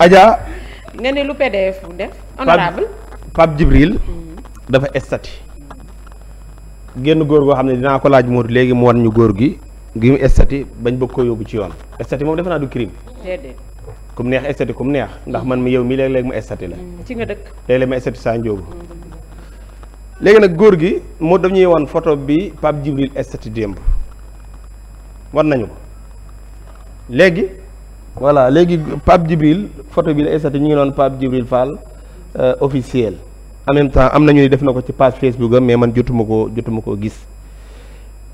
Adja. nga lu PDF def. honorable Pape Djibril. Hmm. dafa estati. génn góor goo xam ne dinaa ko laaj moo léegi mu wan ñu góor gi ngi mu estati bañ bëgg koo yóbbu ci yoon estati moom defe naa du crime. déedéet. kum neex estati kum neex ndax man mi yow mi léeg-léeg mu estati la. Hmm, ci nga dëkk. léeg-léeg ma estati saa njóobu. Hmm. léegi nag góor gi moo dañuy wan photo bi Pape Djibril estati démb war nañu léegi. voilà léegi Pape Djibril photo bi la esati ñu ngi doon Pape Djibril Fall euh, officiel en même temps am nañu def na ko ci page Facebook am mais man jotuma koo jotuma koo gis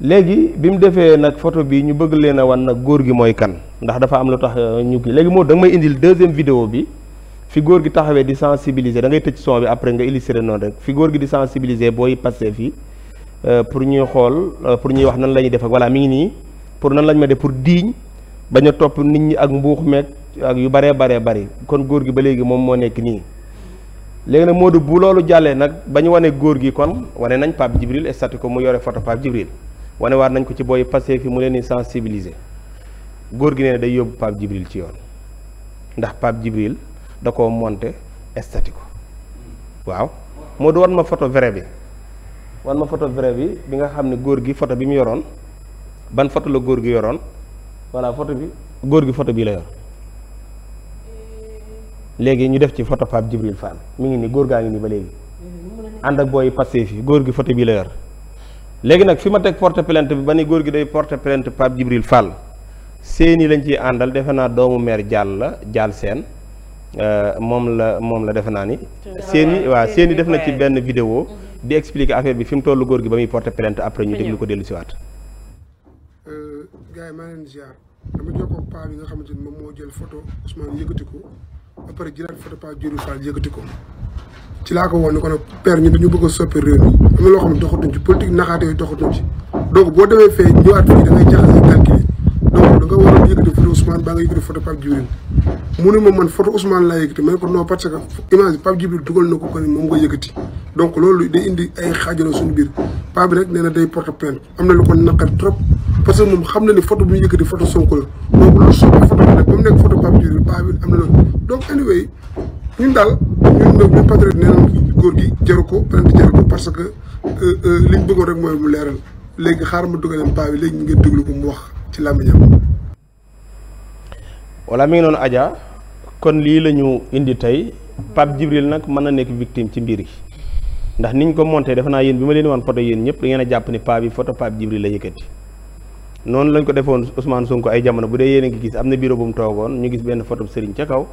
léegi bi mu defee nag photo bi ñu bëgg leen a wan nag góor gi mooy kan ndax dafa am lu tax euh, ñu kii léegi moo da nga may indil deuxième vidéo bi fi góor gi taxawee di sensibiliser dangay ngay tëj son bi après nga illustrer noonu rek fi góor gi di sensibiliser booy passé fii euh, pour ñuy xool pour ñuy wax nan la ñuy def ak mi ngi nii pour nan lañ ma def pour diiñ bañ a topp nit ñi ak mbuux meeg ak yu baree bare bari kon góor gi ba léegi moom moo nekk nii léegi nag Modou bu loolu jàllee nag ba wane góor gi kon wane nañ Pape Djibril estati ko mu yore photo Pape Djibril wane waat nañ ko ci booy passé fi mu leen di sensibiliser góor gi ne day yóbbu Pape Djibril ci yoon ndax Pape Djibril da ko monté estati ko waaw Modou wan ma photo vrai bi wan ma photo vrai bi bi nga xam ne góor gi photo bi mu yoroon ban photo la góor gi yoroon voilà photo bi góor gi photo bii la yor léegi ñu def ci photo Pape Djibril Fall mi ngi nii góor gaa ngi nii ba léegi ànd ak booy passé fii góor gi photo bii la yor léegi nag fi ma teg porte plainte bi ba ni góor gi day porte plainte Pape Djibril Fall seeni lañ ciy àndal defe naa doomu maire Diall la Diall seen euh, moom la moom la defe naa ni seeni waa seeni def na ci benn vidéo mhm. di expliquer affaire bi fi mu tollu góor gi ba muy porte plainte après ñu lu ko dellu siwaat euh, dama jokkoo ak paa bi nga xamante ni moom moo jël photo Ousmane yëkkati ko ba pare jëlaat photo paa Diourou Fall yëkkati ko ci laa ko woon ne ko nag père ñun dañu bëgg a soppi réew mi am ci politique naxaate yooyu doxatuñ ci donc boo demee fee ñëwaat fii da ngay a yëkkati photo Ousmane baa nga yëkkati photo Pape Djibril mu ne ma man photo Ousmane laa yëkkati ma ne ko non ko ko loolu day indi ay xaajaloo suñu biir paa rek nee na day porte plainte am na lu ko naqar trop parce que moom xam na ni photo bu yëkkati photo Sonko la bi nag ba mu nekk photo Pape Diouf paa bi am na loolu donc anyway ñun daal gi jaru ko que euh, euh, li ñu bëggoon rek mooy mu leeral léegi xaaral ma dugaleen wax ci làmmiñam wala mi ngi noonu Adja kon lii la ñu indi tey Pape Djibril nag na nekk victime ci mbir yi ndax niñ ko monté defe naa yéen a jàpp ni paa bi la yëkkati noonu lañ ko defoon Ousmane Sonko ay jamono bu dee yéen a ngi gis am na bureau bu mu toogoon ñu gis benn photo bu sëriñ ca kaw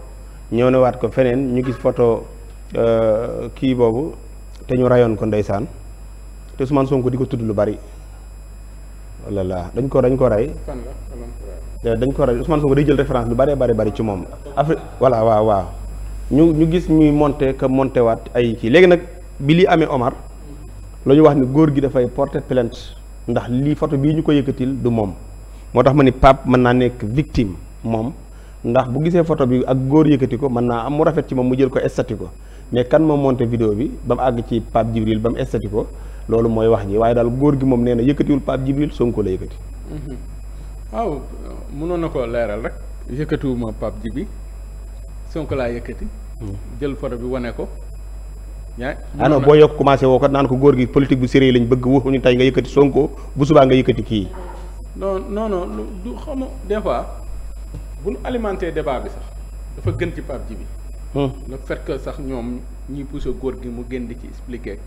ñëw ne waat ko feneen ñu gis photo euh, kii boobu te ñu rayoon ko ndeysaan te Ousmane Sonko di ko tudd lu bari walla dañ ko dañ ko rey eh, dañ ko rey Ousmane Sonko day jël référence lu bari bari bari ci moom Afrique ñu ñu gis ñuy monté que monté waat ay kii léegi nag bi li amee Omar la ñu wax ni góor gi dafay porter plainte ndax lii foto bii ñu ko yëkkatil du moom moo tax ma ni Pape mën naa nekk victime moom ndax bu gisee foto bi ak góor yëkkati ko mën naa am mu rafet ci moom mu jël ko estati ko mais kan moo monté vidéo bi ba mu àgg ci Pape Djibril ba mu estati ko loolu mooy wax ji waaye daal góor gi moom nee na yëkkatiwul Pape Djibril Sonko la yëkkati. Mhm. waaw mënoon na koo leeral rek yëkkatiwuma Pape Djibril Sonko laa yëkkati. Mhm. jël photo bi wane ko ah non boo yokk commencé woo ko naan ko góor gi politique bu sérieux lañ bëgg waxuñu tey nga yëkkati Sonko bu subaa nga yëkkati kii. non non non du xam nga des fois bu ñu alimenté débat bi sax dafa gën ci Pape Djibi. Hmm. le fait sax ñoom ñi poussé góor gi mu gën di ci expliqué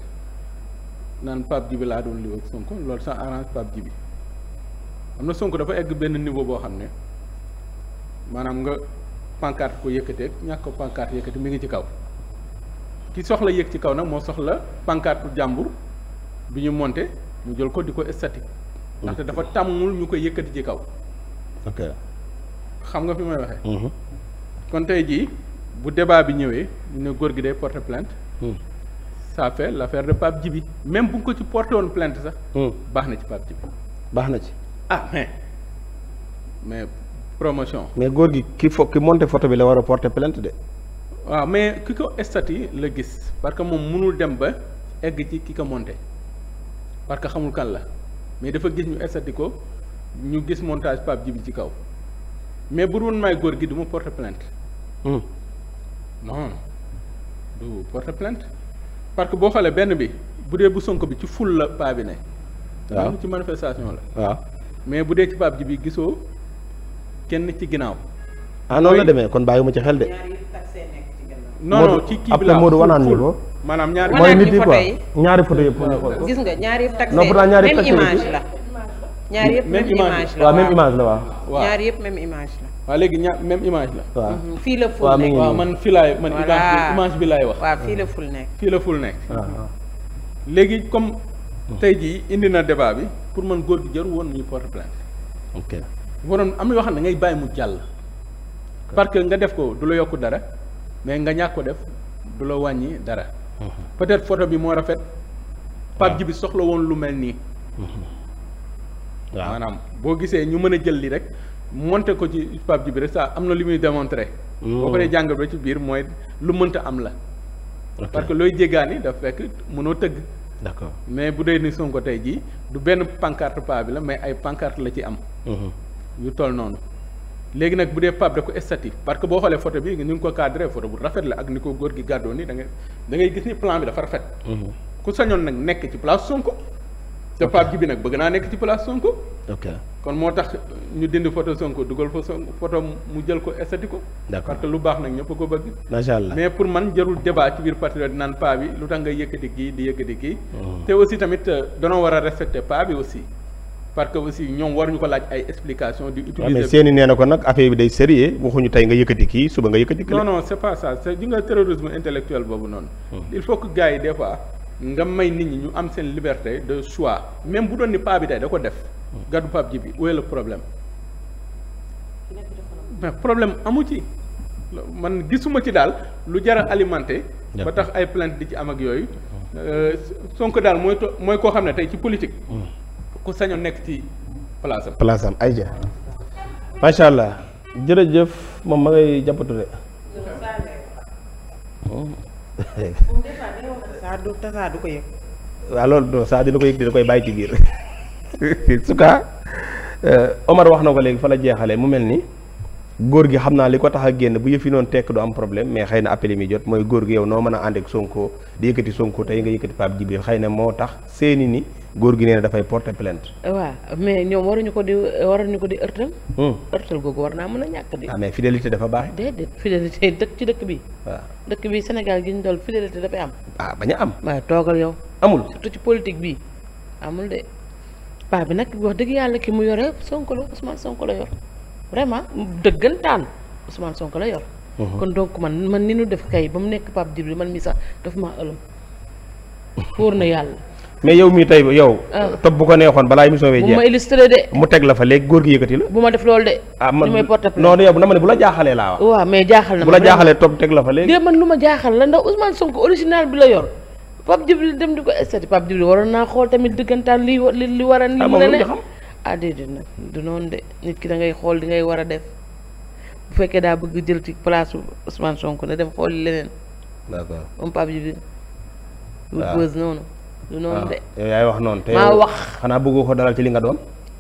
naan Pape Djibi laa doon lii Sonko loolu ça arrange Pape Djibi am na sonk dafa egg benn niveau boo xam ne maanaam nga pancarte ko yëkkateeg ñàkk ko pancarte yëkkate mi ngi ci kaw. ki soxla yéeg ci kaw nag moo soxla pancarte jàmbur bi ñu monté mu jël ko di ko statique ndaxte dafa tàmmul ñu ko yëkkati ci kaw ok xam nga fi may waxee mhm. kon tey jii bu débat bi ñëwee ñu ne góor gi day porter plainte mhm. ça la l'affaire de Pape Djibi même bu nga ko ci porté woon plainte sax mhm. baax na ci Pape Djibi baax na ci ah mais mais promotion mais góor gi ki fo ki monté photo bi la war a porter plainte de waaw mais ki ko estati la gis parce que moom mënul dem ba egg ci ki ko monté parce que xamul kan la mais dafa gis ñu estati ko ñu gis montage Pape Djibi ci kaw mais bu woon góor gi du ma porte plainte mm. non du porte plainte parce boo xoolee benn bi bu dee bu sonk bi ci ful la paa bi ne waaw ci manifestation la waaw mais bu dee ci Pape Djibi gisoo kenn ci ginnaaw ah noonu la demee kon bàyyi ma ci xel de non non ci kii bi la Modou wanaan ñu ko. maanaam ñaari mooy nit yi quoi ñaari photo yëpp mën na ko. gis nga ñaari yëpp taxé même image la. ñaar yëpp même image la waaw même image la waaw. ñaar yëpp même image la. waaw léegi ñaar même image la. waaw mhm, fii la ful nekk waaw man fii laay man image bi laay wax. waaw fii la ful nekk. fii la ful nekk. Ah, ah. léegi comme mm. tey jii indi na débat bi pour man góor gi jëru woon nañu porte plainte. ok waroon am na yoo xam ne ngay bàyyi mu jàll. parce que nga def ko du la yokk dara. mais nga ñàkk ko def du la wàññi dara. Mhm. peut-être photo bi moo rafet. Pape Djibi soxla woon lu mel nii. Mhm. waaw maanaam boo gisee ñu mën a jël li rek moonte ko ci Pape bi rek ça am na lu muy démontré. boo ko dee jàngat ba ci biir mooy lu mënta am la. parce que looy jéggaani daf fekk mënoo tëgg. d'accord mais bu dee ni Sonko tey jii du benn pancarte pa bi la mais ay pancarte la ci am. Mhm. yu toll noonu. léegi nag bu dee Pape da ko statique parce que boo xoolee photo bi ñu ngi ko cadré photo bu rafet la ak ni ko góor gi gàddoo ni da ngay gis ni plan bi dafa rafet. Mhm. ku sañoon nag nekk ci place Sonko. te Pape Djibi nag bëgg naa nekk ci place Sonko. ok kon moo tax ñu dindi photo Sonko dugal fa Sonko photo mu jël ko esthétique ko. d'accord parce que lu baax nag ñëpp ko bëgg. macha mais pour man jarul débat ci biir patriote naan paa bi lu tax nga yëkkati kii di yëkkati kii. Mhm. te aussi tamit euh, danoo war a respecter paa bi aussi. parce que aussi ñoom waruñu ko laaj ay explication di ah, utiliser mais seeni nee ko nag affaire bi day sérieux waxuñu tey nga yëkkati kii suba nga yëkkati non non c'est pas ça c'est di nga terrorisme intellectuel boobu noonu hmm. il faut que gars yi nga may nit ñi ñu am seen liberté de choix même bu doon ni paa bi tey da ko def hmm. gàddu Pape Djibi où est le problème mais problème amu ci man gisuma ci daal lu jar a alimenté ba tax ay plainte di ci am ak yooyu hmm. euh, Sonko daal mooy mooy koo xam ne tey ci politique ku sañoon nekk ci place am. place am ay ja macha allah jërëjëf moom ma ngay jàppatu de. saa du ko yëg. waaw loolu non saa dina ko yëg dina koy bàyyi ci biir en euh, tout Omar wax na ko léegi fa la jeexalee mu mel ni. góor gi xam naa li ko tax a génn bu yëfi noonu tekk du am problème mais xëy na appel mi jot mooy góor gi yow noo mën a ànd ak Sonko di yëkkati Sonko tey nga yëkkati Pape Djibril xëy na moo tax seeni ni góor gi nee na dafay porter plainte. waaw mais ñoom waruñu ko di waruñu ko di ërtal. Hmm. ërtal googu war naa mën a ñàkk di. ah mais fidélité dafa baax. déedéet fidélité dëkk ci dëkk bi. waaw dëkk bi Sénégal gi ñu dool fidélité dafay am. ah bañ a am. waaw toogal yow. amul surtout ci politique bi amul de paa bi nag wax dëgg yàlla ki mu yore Sonko la Ousmane Sonko la yor vraiment dëggantaan Ousmane sonk la yor. Uh-huh. kon donc man man ni nu def kay ba mu nekk Pape Djibril man mi sax daf maa na yàlla. mais yow mii tey yow. Ah. topp bu ko neexoon balaa émission bi jeex. bu ma illustré gi la. bu ma def loolu de. ah man may porte non yow dama ne bu la jaaxalee laa wax. waaw fa léegi. de man ma jaaxal la ndax Ousmane Sonko original bi la yor Pape Djibril dem di ko estati Pape Djibril waroon naa xool tamit dëggantaan li li waran ah, li ne ne addéedéet nag du noonu de nit ki da ngay xool li ngay war a def bu fekkee daa bëgg jël ci place Ousmane Sonko ne dem xool ah. de ah, yow yaay wax noonu. wax xanaa bëggoo ko dalal ci li nga doon.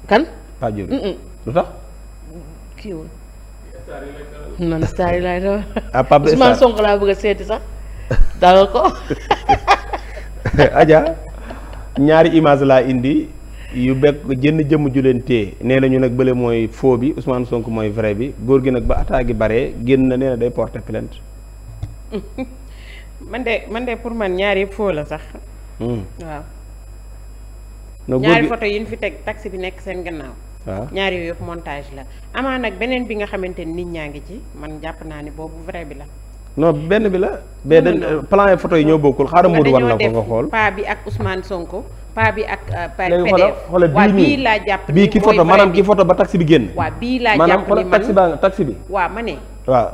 kan Pape Djibril. lu tax. yi laay dawal. ah laa bëgg a seeti sax dalal ko. Adja ñaari image laa indi. yu bekk jënn jëmm ju leen téye nee nañu nag bële mooy faux bi Ousmane sonk mooy vrai bi góor gi nag ba attaque gi bare génn na nee na day porte plainte man de man de pour man ñaar yëpp faux la sax. Hmm. waaw. no ñaari photo yi ñu fi teg taxi bi nekk seen gannaaw. waaw ñaar yooyu yëpp montage la amaa nag beneen bi nga xamante ni nit ñaa ngi ci man jàpp naa ni boobu vrai bi la. non benn bi la. bee dañ eh, plan photo yi ñoo bokkul xaaral Modou war na ko nga xool. bi ak Ousmane Sonko. pa bi ak. Euh, PDF waaw bii laa jàpp bii ki photo maanaam ki photo ba taxi bi génn. waaw bii laa jàpp ni taxi bi. waaw ma ne.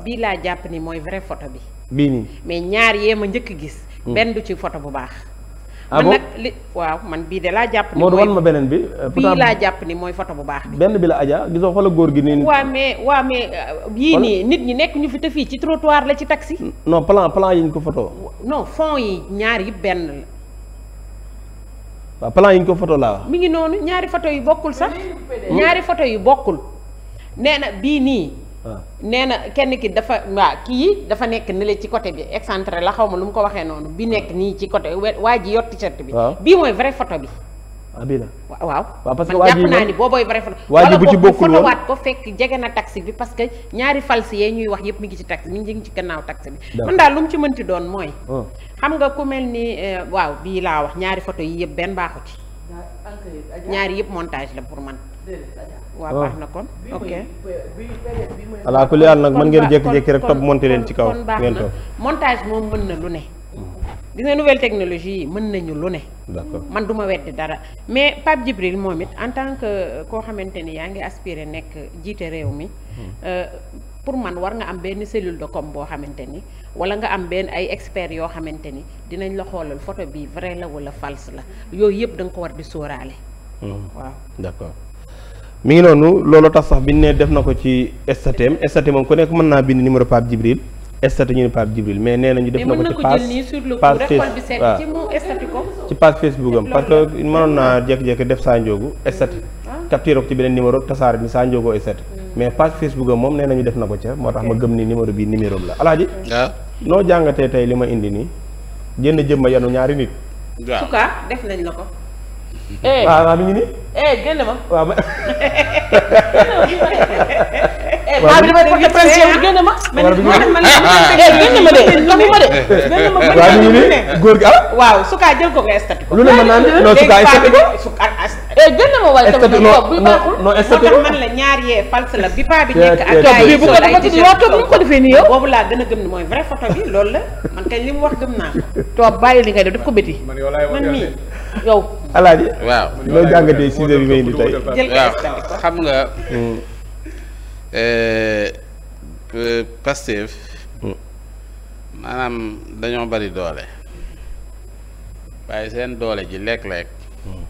bii laa jàpp mooy vraie photo bi. bii nii mais ñaar yee ma njëkk gis. Hmm. benn du ci photo bu baax. Ah man nag li bii de laa jàpp ni moo doon ma beneen bi euh, bii laa jàpp ni mooy foto bu baax bi benn bi la aja gisoo xoola góor gi euh, nii nit ñi nekk ñu fi te fii ci trottoir la ci taxi no plan plan yi ñu ko photo non fond yi ñaar yëpp benn waaw plan yi ñu ko photo laa wax. mi ngi noonu ñaari foto yu bokkul sax. ñaari photo yu bokkul. nee na bii nii. Ah. nee na kenn ki dafa waa kii dafa nekk nële ci côté bi excentré la xaw ma lu mu ko waxee noonu bi nekk nii ci côté waa ji yor t bi. bii mooy vraie photo bi. ah bii la waaw. waaw parce que waa ji jàpp naa ni boobooy vrai waa ji bu ci bokkul woon wala ko fekk jege na taxi bi parce que ñaari falsi yee ñuy wax yëpp mi ngi ci taxi mi ngi ci gannaaw taxi bi. man daal lu mu ci mënti doon mooy. Oh. xam nga ku mel ni euh, waaw bii laa wax ñaari photo yi yëpp benn baaxu ci. ñaari yëpp montage la pour man. waaw baax na kon oh. ok. alaa kulli nag mën ngeen jékki-jékki rek topp monté leen ci kaw. ngeen toog montage moom mën na lu ne. gis nga nouvelle technologie yi mën nañu lu ne. d'accord man du ma weddi dara mais Pape Djibril moom it en tant que euh, koo xamante ni yaa ngi aspiré nekk jiite réew mi. Hmm. Euh, pour man war nga am benn cellule de comme boo xamante ni wala nga am benn ay experts yoo xamante ni dinañ la xoolal photo bi vrai la wala false la yooyu yëpp da nga ko war di sóoraale. Hmm. waaw d'accord. mi ngi noonu loolu tax sax bi ñu ne def na ko ci STM STM moom ku nekk mën naa bind numéro Pape Djibril. estati ñu ne Pape Djibril mais nee nañu def na ko ci page page Facebook ci page Facebook am parce que mënoon naa jékki-jékki def Sa Ndiogou estati ah. capturé ci beneen numéro tasaare ni Sa Ndiogou estati hmm. mais page Facebook moom nee nañu def na ko ca moo tax ma gëm ni numéro bi numéro bi la alaaji noo jàngatee tey li ma indi nii jënd jëmba yanu ñaari nit en def nañ la ko eh. Eh. waaw waaw mi ngi nii eh, ah bi damay porté plainte yow génn ma. waaw bi ma de. góor gi ah. waaw su kaa jël ko nga estati ko. lu ne ma naan non su kaa estati ko. Eh, génn ma wala tamit bu baaxul. non ñaar yee fals la bi paa bi nekk laa gën a gëm ni mooy vrai photo bi loolu la man kañ li mu wax gëm naa ko. toog bàyyi li ngay def daf ko bëti. man mii yow. alaaji. waaw loo jàngatee sujet bi ngay indi tey. waaw xam nga. Hmm. Eh, eh, Pastef hmm. maanaam dañoo bari doole waaye seen doole ji lekk-lekk hmm.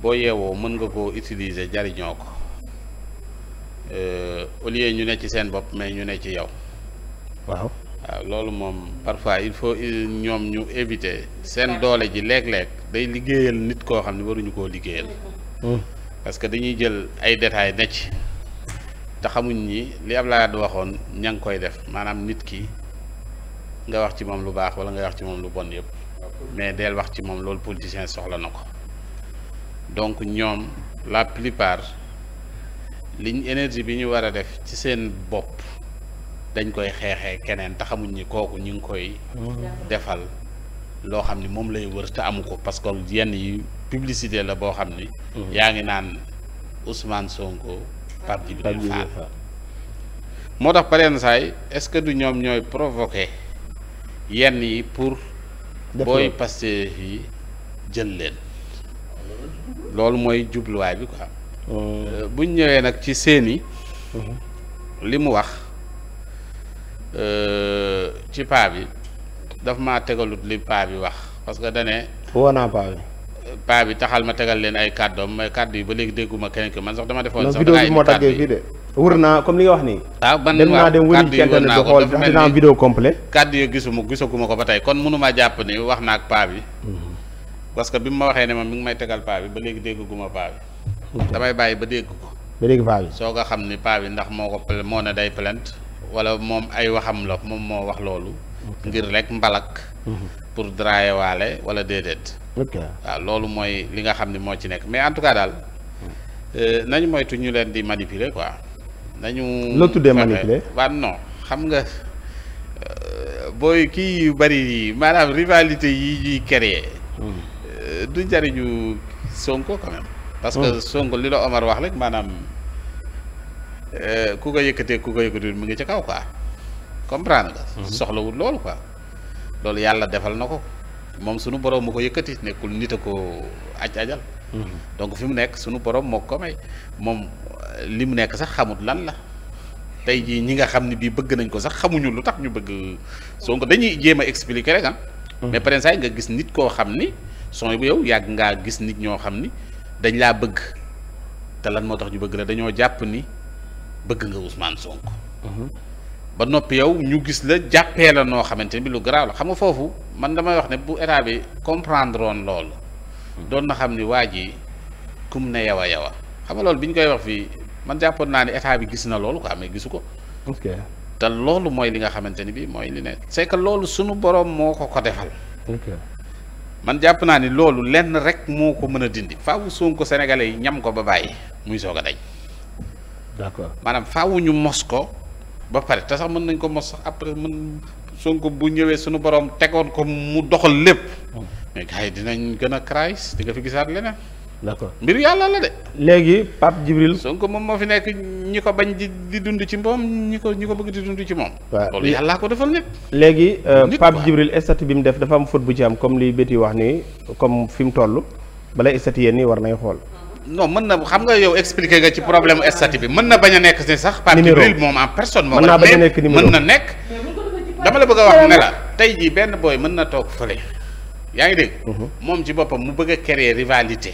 boo yeewoo mën nga koo utiliser jariñoo ko eh, au lieu ñu ne ci seen bopp mais ñu ne ci yow waaw waaw ah, loolu moom parfois il faut ñoom ñu éviter seen doole ji léeg-léeg day liggéeyal nit koo xam ne waruñu koo liggéeyal hmm. parce que dañuy jël ay détails ne ci te xamuñ ni li laa di waxoon ña ngi koy def maanaam nit ki nga wax ci moom lu baax wala nga wax ci moom lu bon yëpp mais del wax ci moom loolu politicien soxla na ko donc ñoom la plupart liñ énergie bi ñu war a def ci seen bopp dañ koy xeexee keneen taxamuñ xamuñ ni kooku ñu ngi koy defal loo xam ni moom lay wër te amu ko parce que yenn yi publicité la boo xam ni mm-hmm. yaa ngi naan Ousmane Sonko Pape Djibril moo tax pareen saay est-ce que du ñoom ñooy provoqué yenn yi pour booy Pastef yi jën leen loolu mooy jubluwaay bi quoi oh. euh, buñ ñëwee nag ci seeni uh-huh. li mu wax euh, ci paa bi daf maa tegalut li paa bi wax parce que dane woo naa paa bi taxal ma tegal leen ay kàddoom mais kàddu yi ba léegi dégguma keneen ki man sax dama defoon sax vidéo bi moo taggee fii de wër naa comme li nga wax nii waaw man dem naa dem wëri ci internet bi xool dafa mel ni vidéo complet kàddu yi gisuma gisaguma ko ba tey kon mënuma jàpp ni wax naa ak paa bi parce que bi mu ma waxee ne ma mi ngi may tegal paa bi ba léegi dégguma paa bi damay bàyyi ba dégg ko ba léegi paa bi soo ko xam ni paa bi ndax moo ko moo ne day plainte wala moom ay waxam la moom moo wax loolu. ngir rek mbalak. Mhm. pour waale wala déedéet. waaw loolu mooy li nga xam ne moo ci nekk mais en tout cas daal euh, nañu moytu ñu leen di manipuler quoi. nañu. loo tuddee manipuler waaw non xam nga euh, booy kii yu bari yi maanaam rivalité yi ñuy créer. Mhm. Euh, du jariñu Sonko quand même. que mhm. Sonko li la Omar wax rek maanaam. Euh, ku ko yëkkatee ku ko yëkkatiwul mu ngi ci kaw quoi comprendre nga. Mhm. soxlawul loolu quoi loolu yàlla defal na ko moom sunu borom mu ko yëkkati nekkul nit a ko aj ajal. Mhm. donc fi mu nekk sunu borom moo ko may moom euh, li mu nekk sax xamut lan la. tey jii ñi nga xam ne bii bëgg nañ ko sax xamuñu lu tax ñu bëgg Sonko dañuy jéem a expliquer rek ah. Mhm. mais par exemple nga gis nit koo xam ni son bu yow yàgg ngaa gis nit ñoo xam ni dañ laa bëgg te lan moo tax ñu bëgg la dañoo jàpp ni. bëgg nga Ousmane Sonko. Mhm. ba noppi yow ñu gis la jàppee la noo xamante bi lu garaaw la xam nga foofu man damay wax ne bu état bi comprendre woon loolu. Mhm. doon na xam ni waa ji kum ne yawa yawa xam nga loolu bi ñu koy wax fii man jàppoon naa ne état bi gis na loolu quoi mais gisu ko. ok te loolu mooy li nga xamante ni bii mooy li ne. c'est loolu sunu borom moo ko ko defal. man jàpp naa ni loolu lenn rek moo ko mën a dindi. faw Sonko sénégalais yi ñam ko ba bàyyi muy soog a dañ. d'accord maanaam faaw ñu mos ko ba pare te sax mën nañ ko mos sax après mën Sonko bu ñëwee suñu borom tegoon ko mu doxal lépp hmm. mais gars yi dinañ gën a crise di nga fi gisaat leneen. d'accord mbir yàlla la de. léegi Pape Djibril. Sonko moom moo fi nekk ñi ko bañ di di dund ci moom ñi ko ñi ko bëgg di dund ci moom. waaw loolu yàllaa ko defal euh, nit. léegi Pape Djibril statut bi mu def dafa am faute bu ci am comme li Betty wax nii comme fim mu toll balay statut yéen nii war nay xool. non mën na xam nga yow expliqué nga ci problème mu statut bi mën na bañ a nekk ni sax. numéro parti moom en personne. moo ko nekk mën na nekk. dama la bëgg a wax ne la tey jii benn booy mën na toog fële. yaa ngi dégg. Mhm. moom ci boppam mu bëgg a créer rivalité.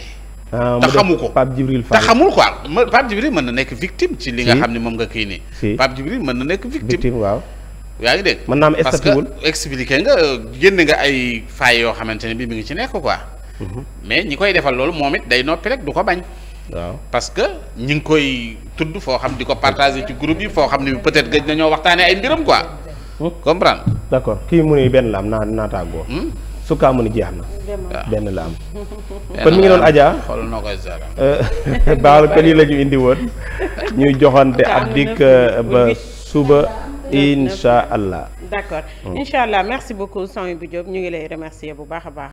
Ah, te xamu ko Pape Djibril Fall te xamul quoi Pape mën na nekk victime. ci li nga xam ne moom nga kii nii. Pape Djibril mën na nekk victime waaw. yaa ngi dégg mën naa am statut parce expliqué nga génn nga ay faay yoo xamante ne bii mi ngi ci nekk quoi mais ñi koy defal loolu moom it day noppi rek du ko bañ. parce que ñi ngi koy tudd foo xam di ko partager ci groupe yi foo xam ne peut-être gëj nañoo waxtaanee ay mbiram quoi. comprendre. d'accord kii mu ne benn la am naa naa tàggoo. Hmm? su kaa mu ne jeex na. benn la am. kon mi ngi doon ajaa xool noo koy euh, baal ko lii la ñu indi woon. ñuy joxante ab dikk euh, ba suba. incha allah d'accord hmm. incha allah merci beaucoup Sonia Diop ñu ngi lay remercier bu baax a baax.